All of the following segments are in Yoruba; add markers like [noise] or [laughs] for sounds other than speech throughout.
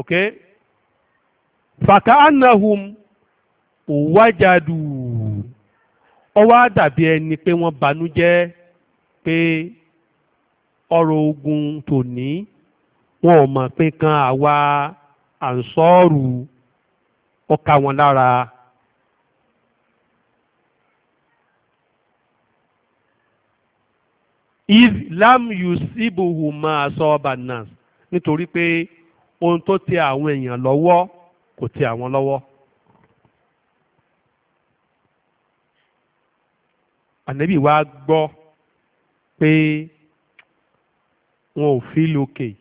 okay fàkàánàhùn òwájàdù ó wá dàbí ẹni pé wọn banújẹ́ pé ọrụ ogun tòní wọn ò ma pé kan àwa ànsọ́ọ̀rù ó ká wọn lára. if lam yusibuhu ma asọ́ọ̀bà nas nítorí pé ohun tó tẹ àwọn èèyàn lọ́wọ́ kò tẹ àwọn lọ́wọ́. ànábì wa gbọ́ pé wọn ò feel okay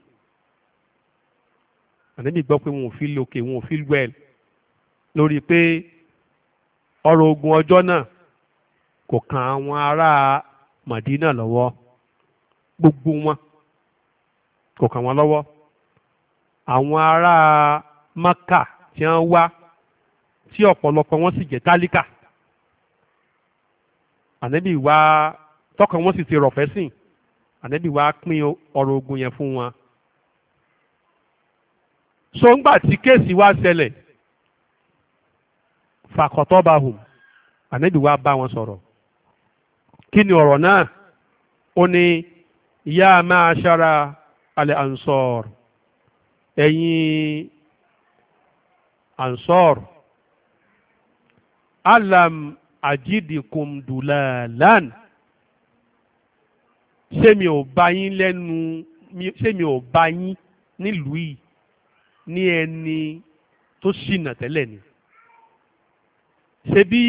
ànábì gbọ́ pé wọn ò feel okay wọn ò feel well lórí pé ọ̀rọ̀ ogun ọjọ́ náà kò kan àwọn ará Màdínà lọ́wọ́ gbogbo wọn kò kàn wọ́n lọ́wọ́ àwọn ará maka tí wọ́n wá tí ọ̀pọ̀lọpọ̀ wọn sì jẹ́ tálíkà ànẹ́bí wá tọkàn wọn sì ti rọ̀fẹ́ sìn ànẹ́bí wá pín ọrọ̀ ogun yẹn fún wọn. so ńgbà tí kéèsì wá ṣẹlẹ̀ fàkọ̀tọ́ bá hù ànẹ́bí wá bá wọn sọ̀rọ̀ kí ni ọ̀rọ̀ náà ó ní ya ma'ashara al-ansar ẹ̀yin ansor alam ajidikum dulalan ṣé mi ò bá yín lẹ́nu ṣé mi ò bá yín nílùú yìí ní ẹni tó ṣìnà tẹ́lẹ̀ ni ṣe bí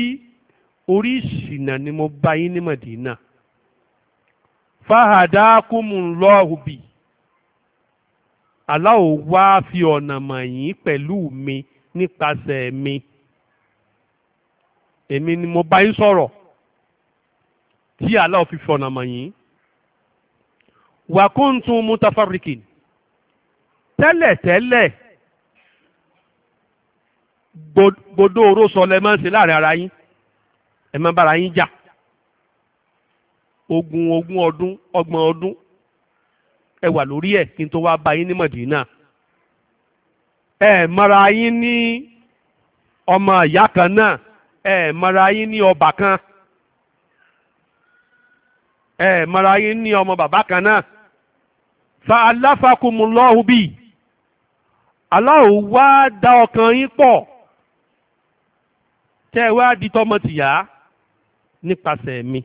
orí ìṣìnà ni mo bá yín ní Màdínà fahadakumullahu bi. Allah ó wá fi ọ̀nà mọ̀ yín pẹ̀lú mi nípasẹ̀ mi èmi ni mo bá yín sọ̀rọ̀ tí Allah ó fi fi ọ̀nà mọ̀ yín wa kuntum mutafarriqin tẹ́lẹ̀tẹ́lẹ̀ gbòdó oró sọ lẹ máa ń ṣe láàrin ara yín ẹ máa bára yín jà ogun ogún ọdún ọgbọ̀n ọdún ẹ wà lórí ẹ̀ kí n tó wá bá yín ní Mọ̀dínà ẹ mara yín ní ọmọ ìyá kan náà ẹ mara yín ní ọba kan ẹ mara yín ní ọmọ bàbá kan náà fa aláfàkùnmùlọ́hùn bíi aláwo wá dá ọkàn yín pọ̀ tẹ́ ẹ wá di tọmọ tìyá nípasẹ̀ mi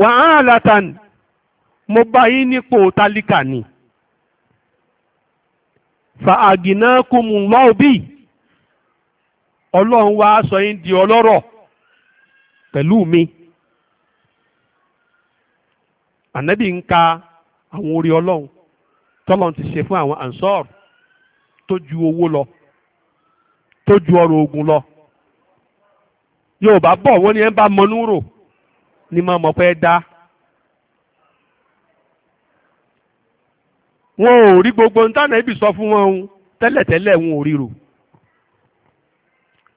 wàhálà tani. mo bá yín nípò tálíkà ni fa àgìnákùmù lọ́ọ̀ bíi ọlọ́run wá sọ yín di ọlọ́rọ̀ pẹ̀lú mi ànábì ń ka àwọn orí ọlọ́run tọ́lọ́run ti ṣe fún àwọn ansor tó ju owó lọ tó ju ọrọ̀ ogun lọ yóò bá bọ̀ wọ́n ní ẹ bá mọnú rò ní máa mọ̀ pé dá wọn ò rí gbogbo ní tànà ibi sọ fún wọn o tẹ́lẹ̀tẹ́lẹ̀ wọn ò ríro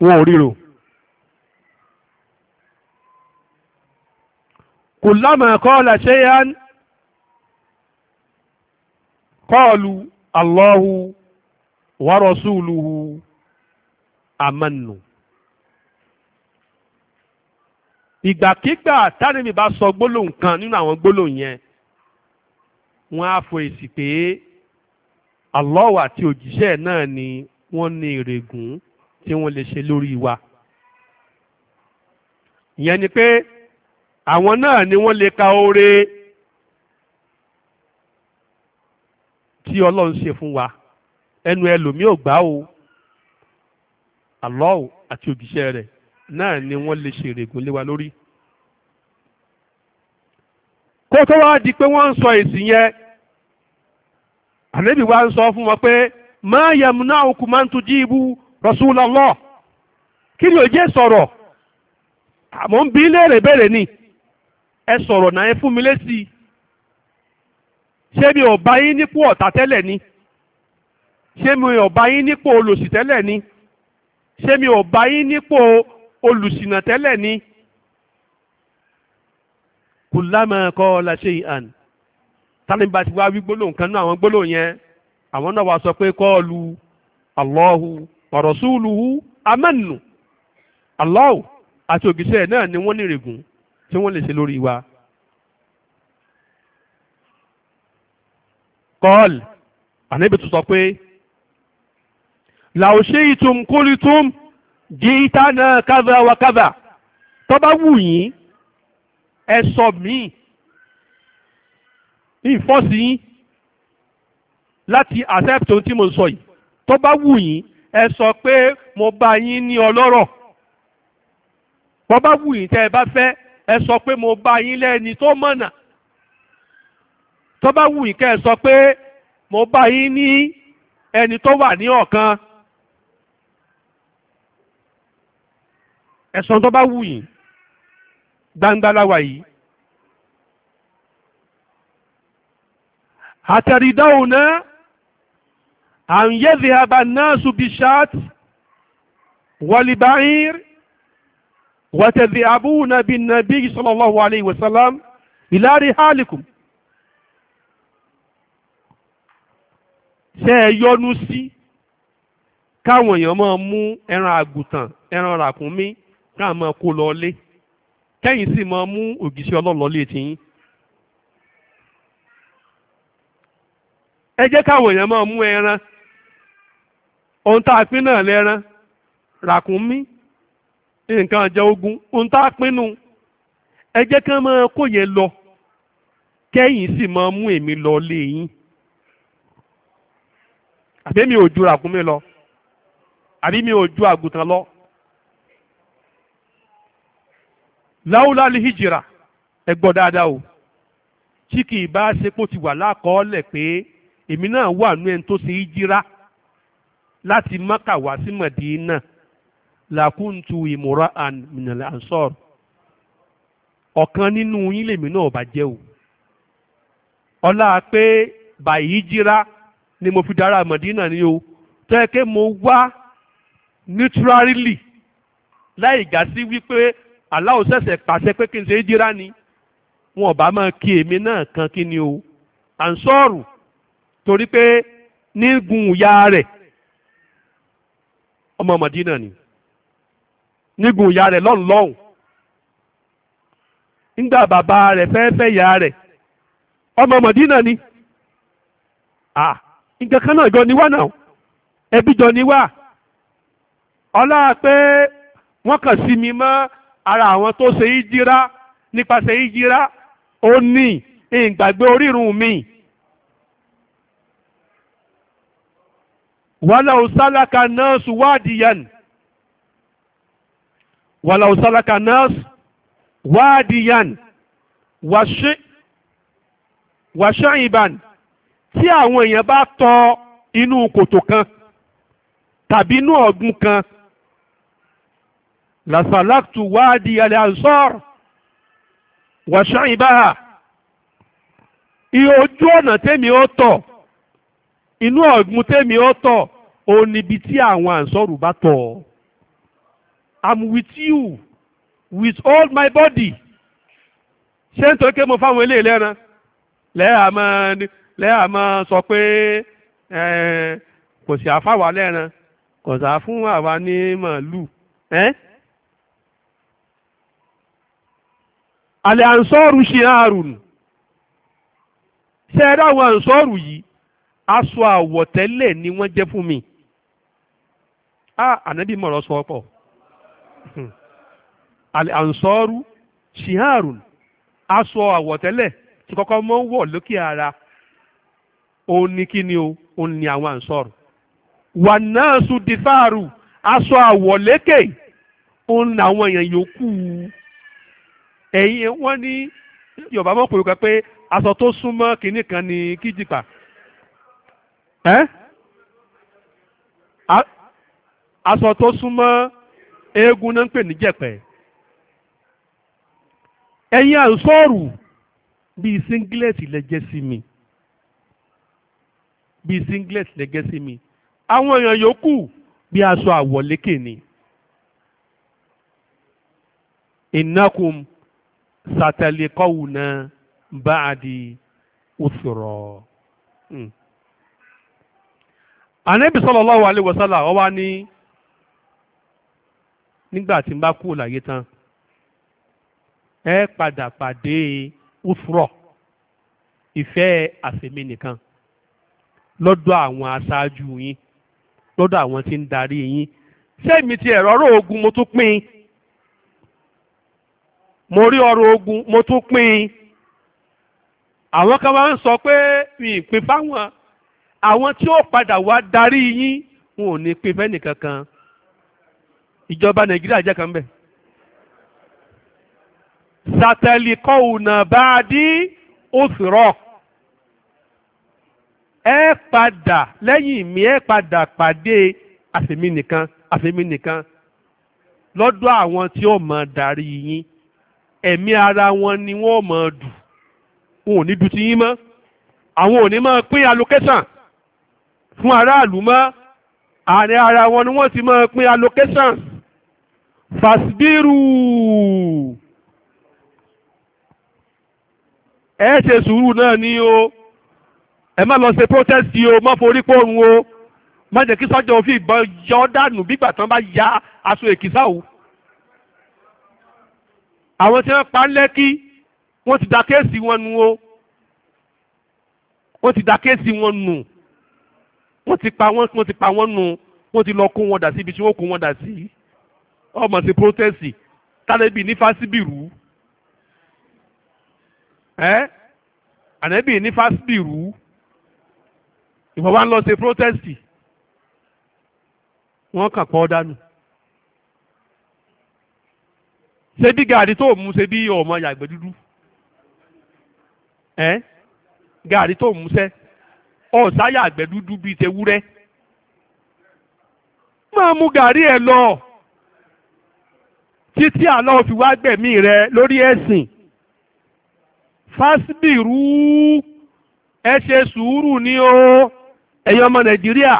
wọn ò ríro. kullama qala shay'an qalu Allahu wa rasuluhu amannu. ìgbàkigbà bá sọ gbólóhùn kan nínú àwọn gbólóhùn yẹn wọ́n á fọ èsì pé Allah àti òjíṣẹ́ náà ni wọ́n ní ìrègùn tí wọ́n lè ṣe lórí wa. ìyẹn ni pé àwọn náà ni wọ́n lè ka oore tí Ọlọ́run ṣe fún wa ẹnu ẹlòmíì ò o Allah àti òjíṣẹ́ rẹ̀ náà ni wọ́n lè ṣe ìrègùn lé wa lórí. kó tó wá di pé wọ́n ń sọ èsì yẹn ànábì wa ń sọ fún wọn pé ma yamna'ukum an tujibu Rasulallah kí ni òjé sọ̀rọ̀ àmọ́ ń bí léèrè ni ẹ sọ̀rọ̀ náà ẹ fún mi ṣé mi ò bá yín nípò ni ṣé mi ò bá yín nípò ni ṣé mi ò bá yín nípò ni. kullama qala shay'an tani bá ti wá wí gbólóhùn kan náà àwọn gbólóhùn yẹn àwọn náà wàá sọ pé qalu Allahu wa rasuluhu amannu Allahu àti ògìṣẹ́ náà ni wọ́n nírègùn tí wọ́n lè ṣe lórí wa. kọ́ọ̀lù ànábì tó sọ pé làwòṣe ìtumkúlítùm jí ìta náà kábà wà kábà tó wù yín ẹ sọ míì ìfọ́sí yín láti accept ohun tí mo sọ yìí tó bá wù yín ẹ sọ pé mo bá yín ní ọlọ́rọ̀ bó bá wù yín tẹ́ ẹ bá fẹ́ ẹ sọ pé mo bá yín lẹ́ni tó mọ̀nà tó bá wù yín kẹ́ ẹ sọ pé mo bá yín ní ẹni tó wà ní ọ̀kan ẹ̀sán tó bá wù yín gbangba láwa yìí. àtẹ̀rídáhùn náà à ń yẹ́dẹ̀ àbá náà ṣubi ṣáàtì wàlìbáyìr wàtẹ̀dẹ̀ àbúhùn náà bí nàbí sallallahu alayhi wa sallam ila rihalikum. ṣé ẹ yọnu sí káwọn èèyàn máa mú ẹran àgùntàn ẹran ràkúnmí káà máa kó lọ lé. kẹ́yìn sì máa mú ògìṣẹ́ ọlọ́lọ́ létí yín. ẹ jẹ́ káwọn èèyàn máa mú ẹran ohun tá a pín náà lẹ́ran ràkúnmí nǹkan ọjà ogun ohun tá a pinnu ẹ jẹ́ ká máa kó yẹn lọ kẹ́yìn sì máa mú èmi lọ lé yín àbí mi ò ju ràkúnmí lọ àbí mi ò ju àgùntàn lọ. láúlá lè hijira ẹ gbọ́ dáadáa o tí kì í bá ṣe pò ti wà lákọọ́lẹ̀ pé èmi náà wà nú ẹni tó ṣe hijira láti Mákà wá sí Mẹ̀dínà làkúntù ìmúra àmìnàlẹ̀ ansọ́r ọ̀kan nínú yín lèmi náà bá jẹ́ o ọlá pé bàyí jíra ni mo fi dára Mẹ̀dínà ni o tẹ́ ẹ mo wá neutrally láì gà sí wípé Allah ó ṣẹ̀ṣẹ̀ pàṣẹ pé kí n ṣe jíra ni wọn ò bá máa kí èmi náà kan kí ni o à ń sọ̀rù torí pé nígun ìyá rẹ̀ ọmọ Mọ̀dínà ni nígun ìyá rẹ̀ lọ́hùn lọ́hùn nígbà bàbá rẹ̀ fẹ́ fẹ́ ìyá rẹ̀ ọmọ Mọ̀dínà ni à nǹkan kan náà jọ ni wá náà ẹbí jọ ni wá ọlá pé wọ́n kàn sí mi mọ́ ara àwọn tó ṣe ìjírá nípasẹ̀ ìjírá ó ní ìgbàgbé orírun mi. wàlà òsálàkà nọ́ọ̀sì wádìyàn wàlà òsálàkà nọ́ọ̀sì wádìyàn wàṣẹ́ ìbàn tí àwọn èèyàn bá tọ inú kòtò kan tàbí inú ọ̀gbun kan لسلكت وادي الأنصار وشعبها iye ojú ọ̀nà tẹ́mi ó tọ̀ inú ọ̀gbun tẹ́mi ó tọ̀ ó níbi tí àwọn àǹsọ́rù bá tọ̀ I'm with you with all my body ṣé ń torí mo fáwọn eléyìí lẹ́ran lẹ́yà máa lẹ́yà máa sọ pé eh, kò sí àfáwà lẹ́ran kò sá fún àwa ní màálù Eh? àlẹ́ ànsọ́ọ̀rù ṣe àrùn ṣe ẹ̀rọ àwọn yìí aṣọ àwọ̀tẹ́lẹ̀ ni wọ́n jẹ́ fún mi a ànábì mọ̀rọ̀ sọ pọ̀ àlẹ́ ànsọ́ọ̀rù ṣe àrùn aṣọ àwọ̀tẹ́lẹ̀ tí kọ́kọ́ mọ́ wọ̀ lókè ara òun ni kí ni o òun ni àwọn wà náà sùn dìfáàrù aṣọ òun ẹ̀yin wọ́n ní yorùbá mọ̀ pé kan pé aṣọ tó súnmọ́ kinní kan ní kíjìpà ẹ́ aṣọ tó súnmọ́ eégún náà ń pè ní jẹ̀pẹ̀ ẹ̀yin àǹsọ́ọ̀rù bíi singlet lẹ́jẹ́ sí mi bíi singlet lẹ́jẹ́ sí mi àwọn èèyàn yòókù bí aṣọ àwọ̀lékè ni. innakum sàtẹ̀lẹ́kọ̀wùnà báàdì òṣùrọ̀. Hmm. ànábì sallallahu alaihi wasallam ó wá ní nígbà tí n bá kúrò láyé tán ẹ padà pàdé òṣùrọ̀ ìfẹ́ àfẹ́mí nìkan lọ́dọ̀ àwọn aṣáájú yín lọ́dọ̀ àwọn tí ń darí yín ṣé ti ẹ̀rọ ọ̀rọ̀ ogun mo tún pín in mo rí ọrọ̀ ogun mo tún pín in àwọn kan máa ń sọ pé ìpín fáwọn àwọn tí ó padà wá darí yín wọn ò ní pín fẹ́ nìkankan ìjọba nàìjíríà jẹ́ kan bẹ́ẹ̀ sàtẹ̀lìkọ́ùnà bá dí òsùrọ̀ ẹ padà lẹ́yìn mi ẹ padà pàdé àfẹ́mi nìkan àfẹ́mi nìkan lọ́dọ̀ àwọn tí ó mọ̀ darí yín ẹ̀mí ara wọn ni wọ́n mọ̀ dù wọn ò ní dù ti yín mọ́ àwọn ò ní máa pín allocation fún aráàlú mọ́ àárín ara wọn ni wọ́n ti máa pín allocation fàṣbírù ẹ ṣe sùúrù náà ni o ẹ má lọ ṣe protest o má forí pòrun o má jẹ́ kí sọ́jà òfin ìbọn yọ ọ́ dànù bí gbàtàn bá ya aṣọ èkìsà o àwọn tí wọ́n pa lẹ́kí wọ́n ti da kéèsì wọn nu o wọ́n ti da kéèsì wọn nù wọ́n ti pa wọ́n wọ́n ti pa wọ́n nù wọ́n ti lọ kó wọn dà sí ibi tí wọ́n kó wọn dà sí ọmọ sí protest tálẹ́bì ní fásibìrú ẹ́ ànẹ́bì ní fásibìrú ìwọ wa ń lọ ṣe protest wọ́n kàn pọ́ dànù ṣé bí gàrí tó mú ṣe bí ọmọ yàgbẹ́ dúdú ẹ gàrí tó mú ṣe ọ̀sá yàgbẹ́ dúdú bíi tewúrẹ́ máa mú gàrí ẹ lọ títí àlọ́ fi wá gbẹ̀mí rẹ lórí ẹ̀sìn fásibìrú ẹ ṣe sùúrù ni o ẹ̀yin ọmọ nàìjíríà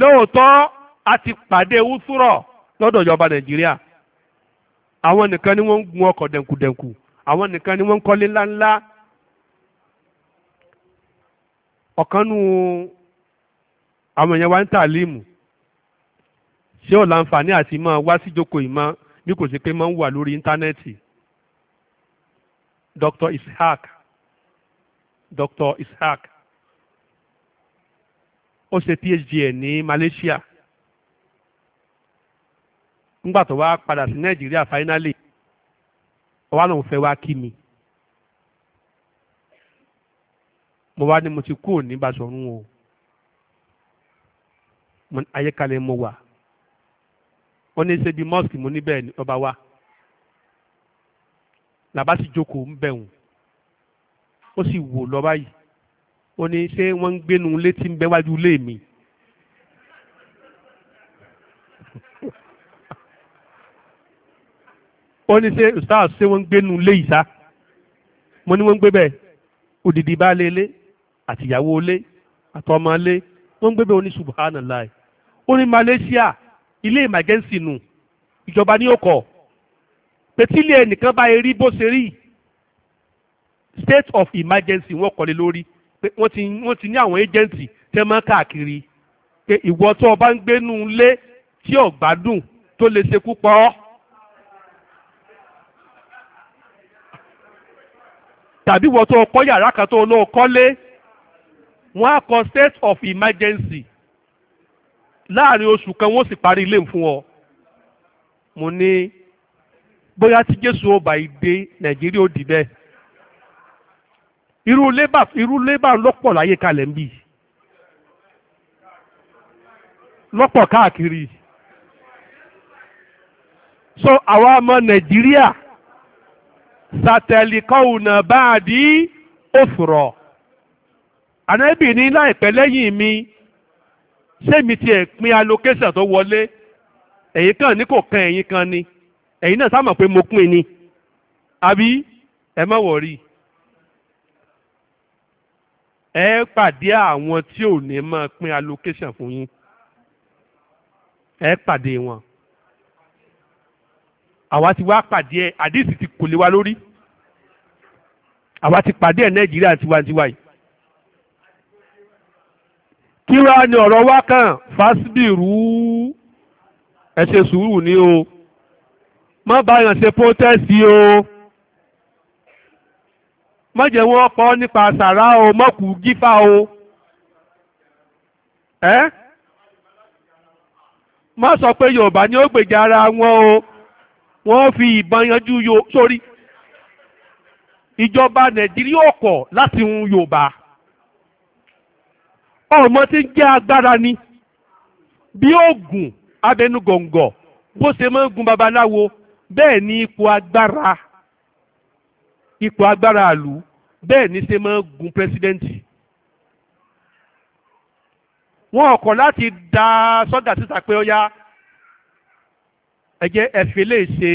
lóòótọ́ a ti pàdé wúsúrọ̀ lọ́dọ̀ ìjọba nàìjíríà àwọn nìkan ni wọ́n ń gun ọkọ̀ dẹ̀kùdẹ̀kù àwọn nìkan ni wọ́n ń kọ́lé ńláńlá ọ̀kan nu àwọn èèyàn wa ń tàlímù ṣé ò láǹfààní àti máa wá síjókòó ìmọ̀ bí kò sí pé máa ń wà lórí íńtánẹ́ẹ̀tì Dr. Ishaq Dr. Ishaq ó ṣe PhD ẹ̀ ní Malaysia nígbà tó wá padà sí nàìjíríà finally ọwá lòun fẹ́ wá kí mi mo wá ní mo ti kúrò ní Basọ̀run o ayékalẹ̀ mo wà wọ́n ní ṣe mosque mo níbẹ̀ ni ọba wa làbá sì jókòó ń bẹ̀wò ó sì wò lọ báyìí ó ní ṣé wọ́n ń gbénu létí ń bẹ́wájú lé mi. ó ní ṣe ustaz ṣé wọ́n ń gbé nu ilé ìsá mo ní wọ́n ń gbé bẹ́ẹ̀ òdìdí baálé ilé àtìyàwó ilé àtọmọ ilé wọ́n ń gbé bẹ́ẹ̀ ó ní subhanallah ó ní Malaysia ilé emergency nù ìjọba ní òkọ̀ pẹ̀tílẹ̀ ẹnìkan bá rí bó ṣe rí state of emergency wọ́n kọ́lé lórí pé wọ́n ti ní àwọn agents tẹ́ máa káàkiri pé ìwọ tó o bá ń gbénú ilé tí ò gbádùn tó lè ṣekú pa ọ́ tàbí wọ́n tó kọ́ yàrá kan tó lọ kọ́lé wọ́n á kọ state of emergency láàrin oṣù kan wọ́n sì parí ilé fún ọ mo ní bóyá tí Jésù ọba ìdè Nàìjíríà ò dì bẹ́ẹ̀ irú lébà irú lébà lọ́pọ̀ láyé kalẹ̀ ń bì lọ́pọ̀ káàkiri so àwa ọmọ Nàìjíríà sàtẹ̀lìkọ́ùnà báàdì òfùrọ̀ ànábì ní láìpẹ́ lẹ́yìn mi sẹ́mi tiẹ̀ pín allocation tó wọlé ẹ̀yin kan ní kò kan ẹ̀yin kan ni ẹ̀yin náà sáà pé mo pín ni àbí ẹ má wọ̀rí ẹ pàdé àwọn tí ò ní máa pín allocation fún yín ẹ pàdé wọn àwa ti wá pàdé ẹ àdìsí ti kò lè wa lórí àwa ti pàdé ẹ nàìjíríà tiwantiwa yìí. kí wàá ní ọ̀rọ̀ wá kàn fásibìrú ẹ ṣe sùúrù ni o má báyàn ṣe protest o má jẹ́ wọ́n pọ̀ nípa sàrà o mọ́kù gífà o ẹ́ má sọ pé yorùbá ni ó gbèjà ara wọn o wọ́n fi ìbọn yanjú yo sórí ìjọba nàìjíríà ọkọ̀ láti hun yorùbá ọmọ tí ń jẹ́ agbára ni bí oògùn abẹnugọ̀ngọ̀ bó ṣe máa ń gun babaláwo bẹ́ẹ̀ ni ipò agbára ipò agbára àlù bẹ́ẹ̀ ni ṣe máa ń gun pírẹsidẹ́ǹtì wọn ọkọ̀ láti da sọ́gà síta pé ó yá ẹ jẹ́ ẹ̀fẹ́ lè ṣe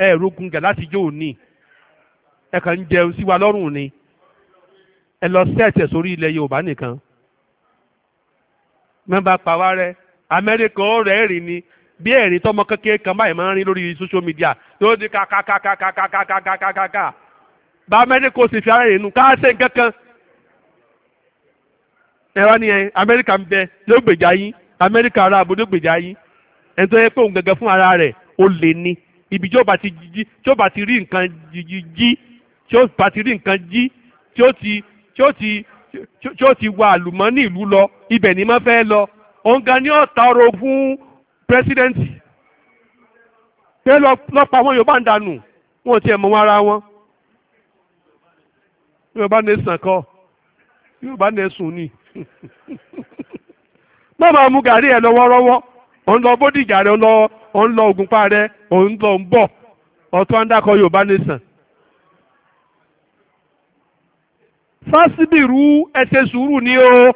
ẹ̀ẹ́rógún gà láti jó òní ẹ kàn ń jẹun sí wa lọ́rùn ni ẹ lọ sẹ́ẹ̀tẹ̀ sórí ilẹ̀ Yorùbá nìkan mẹ́mbà pàwá rẹ Amẹ́ríkà ó rẹ̀ ni bí ẹ̀rín tọmọ kékeré kan báyìí máa ń rìn lórí social media yóò di kàkàkàkàkàkàkàkàkà bá Amẹ́ríkà ó sì fi ara rìn nù káàṣe nǹkan kan ẹ̀rọ ni Amẹ́ríkà ń bẹ yóò gbèjà yín Amẹ́ríkà ara àbúrò gbèjà yín ẹni tó yẹ pé òun gẹ́gẹ́ fún ara rẹ̀ ó lè ní ibi tí ó bá ti jí tí ó bá ti rí nǹkan jí jí tí ó bá ti rí nǹkan jí tí ó ti tí ó ti tí ó ti wà àlùmọ́nì ìlú lọ ibẹ̀ ni má fẹ́ lọ òun gan ni ó ta ọrọ̀ fún pírẹsidẹ́ǹtì pé lọ́pàá wọn yóò bá ń dànù wọn ò tiẹ̀ mọ wọn ara wọn yóò bá ní sàn kọ́ yóò bá ní sùn ni [laughs] má máa mú gàrí ẹ̀ lọ́wọ́rọ́wọ́. òun lọ bódìjà rẹ òun lọ rẹ òun lọ ń bọ̀ ọ̀tún àńdàkọ yorùbá nation. fásibìrú ẹ ṣe sùúrù ni o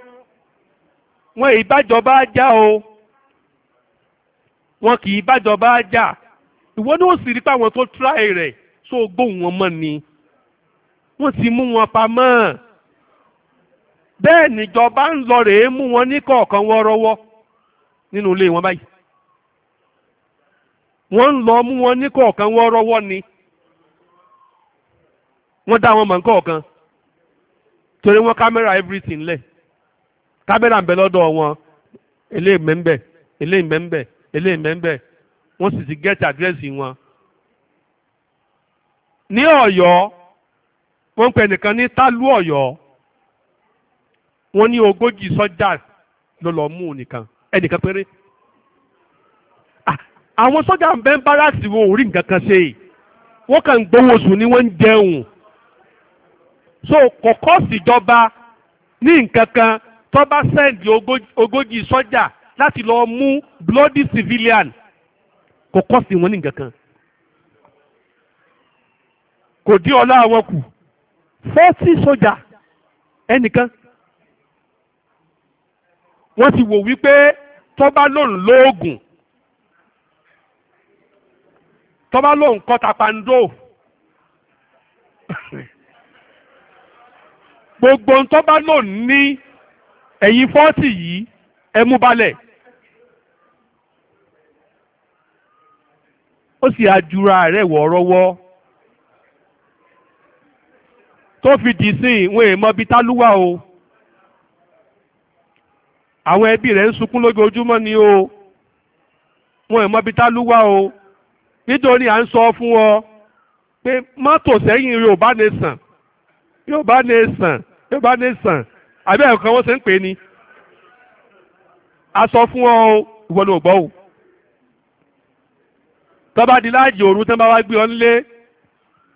wọn ìbájọba já o wọn kì í bájọba já ìwọ ni ó sì rí páwọn tó tíráì rẹ tó gbóhùn wọn mọ́ ni Wọn ti mú wọn pamọ́ bẹ́ẹ̀ níjọba ń lọ rèé mú wọn ní kọ̀ọ̀kan nínú ilé wọn báyìí wọ́n ń lọ mú wọn ní kọ̀ọ̀kan wọ́n rọ́wọ́ ni wọ́n dá wọn mọ̀ ní torí wọ́n kámẹ́rà everything lẹ̀ kámẹ́rà ń bẹ lọ́dọ̀ wọn eléyìí mẹ́ńbẹ̀ eléyìí mẹ́ńbẹ̀ eléyìí mẹ́ńbẹ̀ wọ́n sì ti get àdírẹ́sì wọn. ní Ọ̀yọ́ wọ́n ń pè nìkan ní tálú Ọ̀yọ́ wọ́n ní ogójì sọ́jà ló nìkan. ẹnìkan péré ah, àwọn sọ́jà ń bẹ́ ń bárasì wọn ò rí nǹkan kan ṣe wọ́n kàn ń gbowó oṣù ni wọ́n ń jẹun so kọ̀kọ́ síjọba ní nǹkan kan tó bá sẹ́ǹdì ogójì sọ́jà láti lọ mú bloody civilian kọ̀kọ́ sí wọn ní nǹkan kan kò dí ọlá àwọn kù fọ́tí sọ́jà ẹnìkan wọ́n ti wò wípé tọ́ba lòun lóògùn tọ́ba lòun kọta pando gbogbo tọ́ba lòun ní ẹ̀yìn fọ́ọ̀tì yìí ẹ mú balẹ̀. ó sì ajura rẹ̀ wọ̀ọ́rọ́wọ́ tó fi dì sí ìwọ̀n èèmọ́ tálúwà o àwọn ẹbí rẹ̀ ń sunkún lójoojúmọ́ ni o wọn ò mọbi tálúwà o nítorí à ń sọ fún ọ pé mọ́tò sẹ́yìn Yorùbá Nation Yorùbá Nation Yorùbá Nation àbí ẹ̀kan wọ́n ṣe ń pè ní a sọ fún ọ ìwọ ni ò gbọ́ o tọ́ba di láàjì òru tán bá wá gbé ọ nílé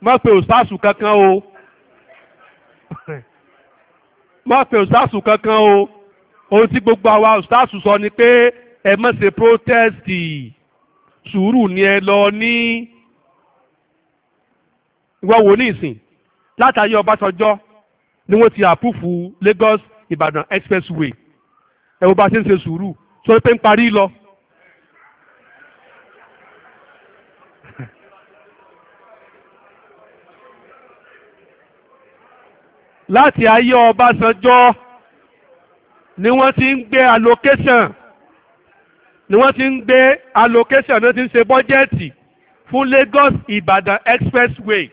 má pe òsáàsù kankan o [laughs] má pe òsáàsù kankan o ohun tí gbogbo àwa ọ̀sítàṣù sọ ni pé ẹ má ṣe protesti sùúrù ni ẹ lọ ní ìwọ wò ní ìsìn látàyè Ọbásanjọ́ ni wọ́n ti àpùfù Lagos Ìbàdàn expressway ẹ wo bá ṣe ń ṣe sùúrù sọ pé ń parí lọ. láti ayé Ọbásanjọ́ ni wọ́n ti ń gbé allocation ni wọ́n ti ń gbé allocation ni wọ́n ti ń ṣe bọ́jẹ́ẹ̀tì fún Lagos Ìbàdàn expressway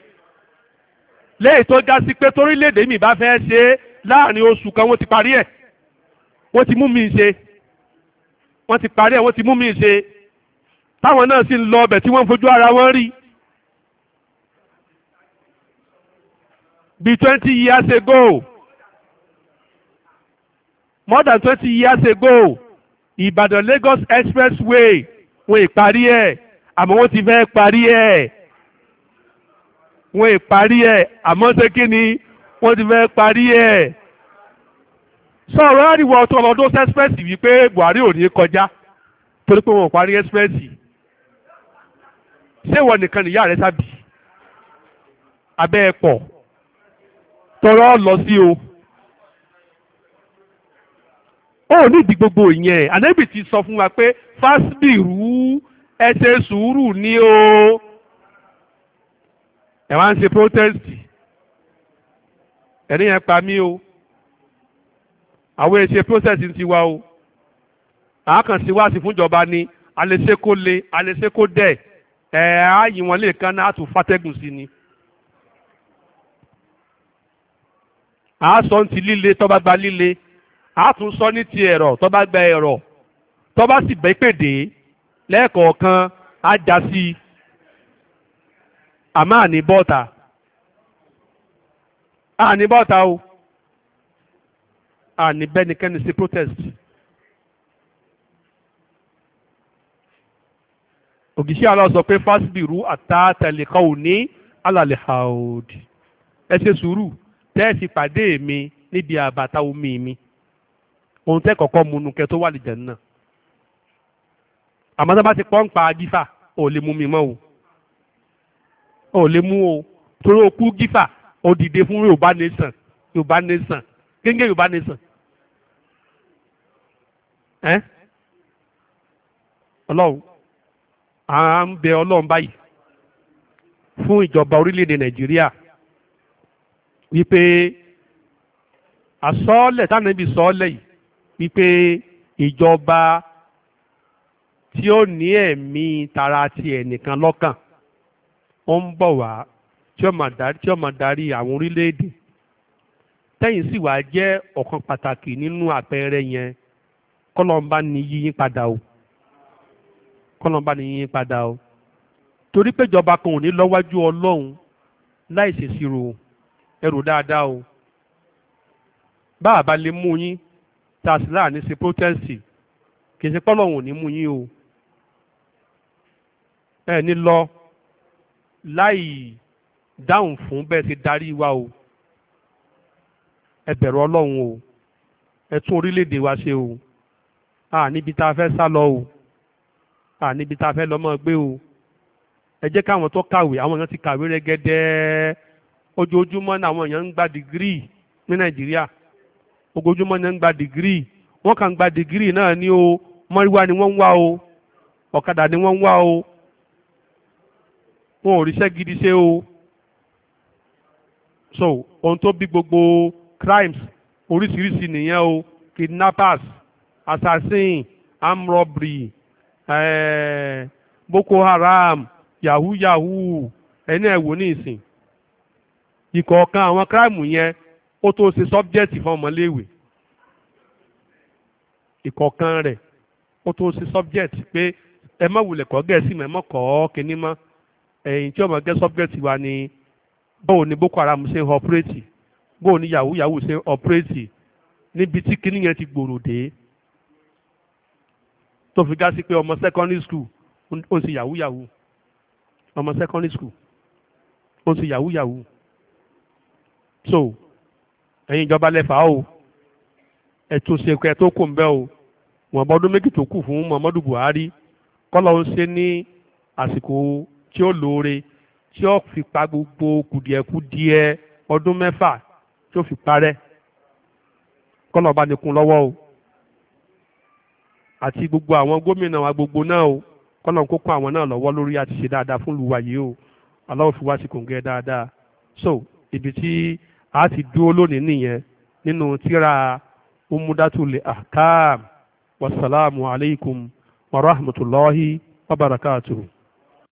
léyìí tó ga sí pé torílẹ̀-èdè mi bá fẹ́ ṣe é láàrin oṣù kan wọ́n ti parí ẹ̀ wọ́n ti mú mi ṣe wọ́n ti parí ẹ̀ wọ́n ti mú mi ṣe táwọn náà sì ń lọ ọbẹ̀ tí wọ́n ń fojú ara wọn rí. bí twenty years ago more than twenty years ago Ìbàdàn Lagos expressway wọn ìparí ẹ̀ àmọ́ wọ́n ti fẹ́ parí ẹ̀ wọn ìparí ẹ̀ àmọ́ ṣé kí ni wọ́n ti fẹ́ parí ẹ̀ sọ̀rọ̀ àríwọ̀ ọ̀tún ọlọ́dún express wípé Buhari ò ní kọjá torí pé wọn ò parí express ṣé ìwọ nìkan nìyá rẹ sábì abẹ́ ẹ̀ pọ̀ tọrọ lọ sí o ó nídìí gbogbo ìyẹn ànábì ti sọ fún wa pé fásbìrú ẹ ṣe sùúrù ni o ẹ wá ń ṣe protest ẹni yẹn pa mí o àwọn èṣe protest ti wa o àákànṣe wá sí fúnjọba ni àlèṣe kó le àlèṣe kó dẹ ẹ ààyè wọn lè kan náà tún fàtẹ́gùn sí ni. àásọ̀ ń ti líle tọ́ba gba líle a tún sọ ní ti ẹ̀rọ tó bá gba ẹ̀rọ tó bá sì bẹ́ pèdè lẹ́ẹ̀kọ̀ọ̀kan á já sí i àmọ́ àní bọ́ta àní bọ́ta o àní bẹ́nikẹ́ni sí protest. ògìṣẹ́ Allah sọ pé fásibìrú àtàtàlẹ́kọ̀ ò ní alàlẹ́ haud ẹ ṣe sùúrù tẹ́ ẹ sì pàdé mi níbi àbàtà omi mi òun tẹ́ kọ̀ọ̀kan múnú kẹ tó wà lìjẹ̀ náà àmọ́ bá ti pọ́n pa gífà ò lè mú mi mọ́ o ò lè mú o torí o kú gífà o dìde fún Yorùbá nation Yorùbá nation kéńgé Yorùbá nation ẹ ọlọ́run à ń bẹ ọlọ́run báyìí fún ìjọba orílẹ̀-èdè Nàìjíríà wípé àsọ́ọ́lẹ̀ táwọn ẹbí sọ́ọ́lẹ̀ yìí wípé ìjọba tí ó ní ẹ̀mí tara ti ẹnìkan lọ́kàn ó ń bọ̀ wá tí ó máa darí àwọn orílẹ̀-èdè tẹ́yìn sì wá jẹ́ ọ̀kan pàtàkì nínú àpẹẹrẹ yẹn kọ́lọ́mbà ni yíyín padà o kọ́lọ́mbà ní yíyín padà o torí pé ìjọba kan ò ní lọ́wájú ọlọ́run láì ṣèṣirò ẹrù dáadáa o bá a bá lè mú yín tasila ní sí protest kì í ṣe pọ́lọ́hùn ní mú yín o ẹ ní lọ láì dáhùn fún bẹ́ẹ̀ ti darí wa o ẹ bẹ̀rù ọlọ́run o ẹ tún orílẹ̀-èdè wa ṣe o a níbi tá a fẹ́ sá lọ o a níbi tá a fẹ́ lọ mọ́ gbé o ẹ jẹ́ káwọn tó kàwé àwọn èèyàn ti kàwé rẹ́gẹ́dẹ́ ojoojúmọ́ ni àwọn èèyàn ń gba dìgírì ní nàìjíríà ogójúmọ́ ni wọ́n ń gba dìgírì wọ́n kàn ń gba dìgírì náà ní o mọ́ríwá ni wọ́n ń wá o ọ̀kadà ni wọ́n ń wá o wọn ò ríṣẹ́ gidi ṣe o so ohun tó bí gbogbo crimes oríṣiríṣi nìyẹn o kidnappers assassin armed robbery eh, boko haram yahoo yahoo ẹni ẹ wò ní ìsìn ìkọ̀ọ̀kan àwọn crime yẹn ó tó ṣe sọ́bjẹ́tì fún ọmọléèwé ìkọ̀ọ̀kan rẹ̀ ó tó ṣe sọ́bjẹ́tì pé ẹ má wulẹ̀ kọ́ gẹ̀ẹ́sì mọ́ ẹ má kọ́ kínní mọ́ ẹ̀yìn tí ọmọ gẹ́ sọ́bjẹ́tì wa ni báwo ni Boko Haram ṣe ń ọpúrẹ́tì báwo ni yahoo yahoo ṣe ń ọpúrẹ́tì níbi tí kínní yẹn ti gbòòrò dé tó fi gá pé ọmọ secondary school ó ń ṣe yahoo yahoo ọmọ secondary school ó ń ṣe yahoo yahoo so ẹ̀yin ìjọba lẹ́fà o ẹ̀tún ṣèkọ ẹ̀ tó kù ń bẹ́ o wọ́n ọdún méjì tó kù fún Muhammadu Buhari kọ́lọ́ ń ṣe ní àsìkò tí ó lóore tí ó fi pa gbogbo kùdìẹ̀kudiẹ ọdún mẹ́fà tí ó fi parẹ́ kọ́lọ́ bá ní kún lọ́wọ́ o àti gbogbo àwọn gómìnà wa gbogbo náà o kọ́lọ̀ kó kún àwọn náà lọ́wọ́ lórí àti ṣe dáadáa fún ìlú wa yìí o aláwọ̀ fi wá sí kòǹgẹ́ dáadáa so ibi tí a ti dúró lónìí nìyẹn nínú tíra umudatule ahkam wasalaamu alaykum wa rahmatulahi wa barakatuhu.